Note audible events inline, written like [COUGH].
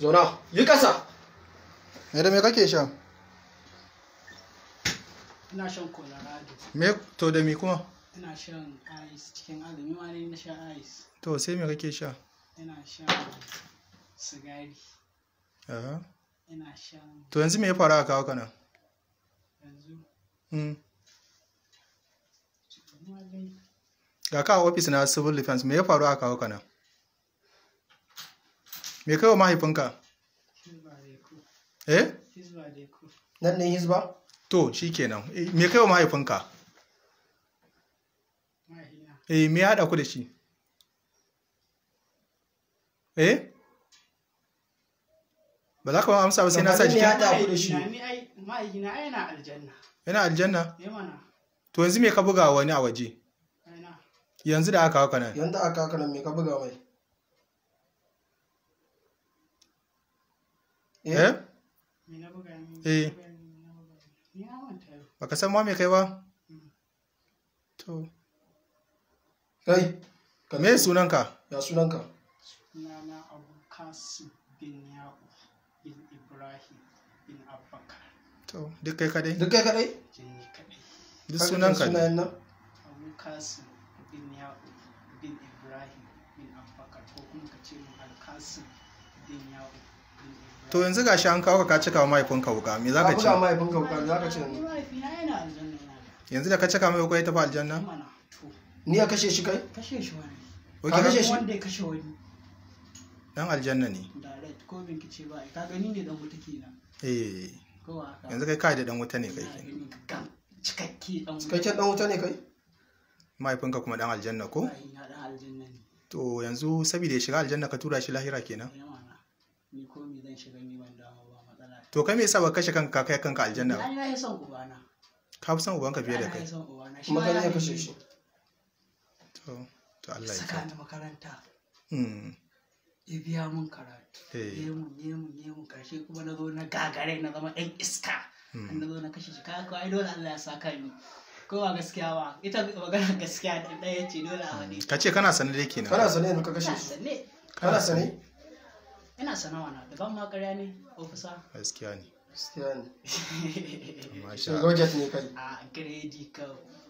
zauna yi kasa me da me kake sha ina shan kola colorado me to da me kuma ina shan ice cikin azumi ma ne na shan ice to sai me kake sha ina shan sigari ina shan to yanzu me ya faru a kawo kana yanzu mm. ga ka ofis na civil defense me ya faru a kawo kana me kai wa mahaifinka eh nan ne hizba to shikenan eh, me kai wa mahaifinka eh me ya haɗa ku da shi eh ba za ka ba amsa ba sai na sa jiki yana aljanna eh, to yanzu me ka buga wani a waje yanzu da aka haka nan yanzu da aka haka nan me ka buga mai eh eh, eh. eh. baka san ma me kai ba to kai me sunanka ya sunanka sunana abu kasim bin yaqub bin ibrahim bin abubakar to duk kai kadai duk kai kadai duk sunanka sunan nan abu kasim bin yaqub bin ibrahim bin abubakar ko kuma ka ce mu alkasim bin yaqub to yanzu ga shi an kawo ka cika wa mahaifinka wuka me za ka ce mahaifinka wuka me za ka ce yanzu da ka cika mai wuka ya tafi aljanna ni ya kashe shi kai kashe shi wani ka kashe shi wanda ya kashe wani dan aljanna ne direct ko bin kice ba ka gani ne dan wuta kenan eh yanzu kai kai da dan wuta ne kai cikakke dan wuta cikakke dan wuta ne kai mahaifinka kuma dan aljanna ko to yanzu saboda ya shiga aljanna ka tura shi lahira kenan ni ko me zan shiga ni ban damu ba matsala to kai me yasa ba kashe kanka kai kanka aljanna ba na yi son ubana ka fi son ubanka fiye da kai kuma kai ya kashe shi to to Allah ya saka ni makaranta hmm. ya biya mun karatu ya eh. mun ya mun ya mun karshe kuma na zo na gagare na zama ɗan iska an hmm. na zo na kashe shi ka ka ai dole Allah ya saka ni ko ba gaskiya ba ita magana gaskiya ɗaya ce dole a wani ka ce kana sanar da kenan kana sanar da ka kashe shi kana sanar ina sanawa na da ban ma ƙarya ne ofisa gaskiya ne gaskiya ne amma [LAUGHS] sha ne kai a gredi kawai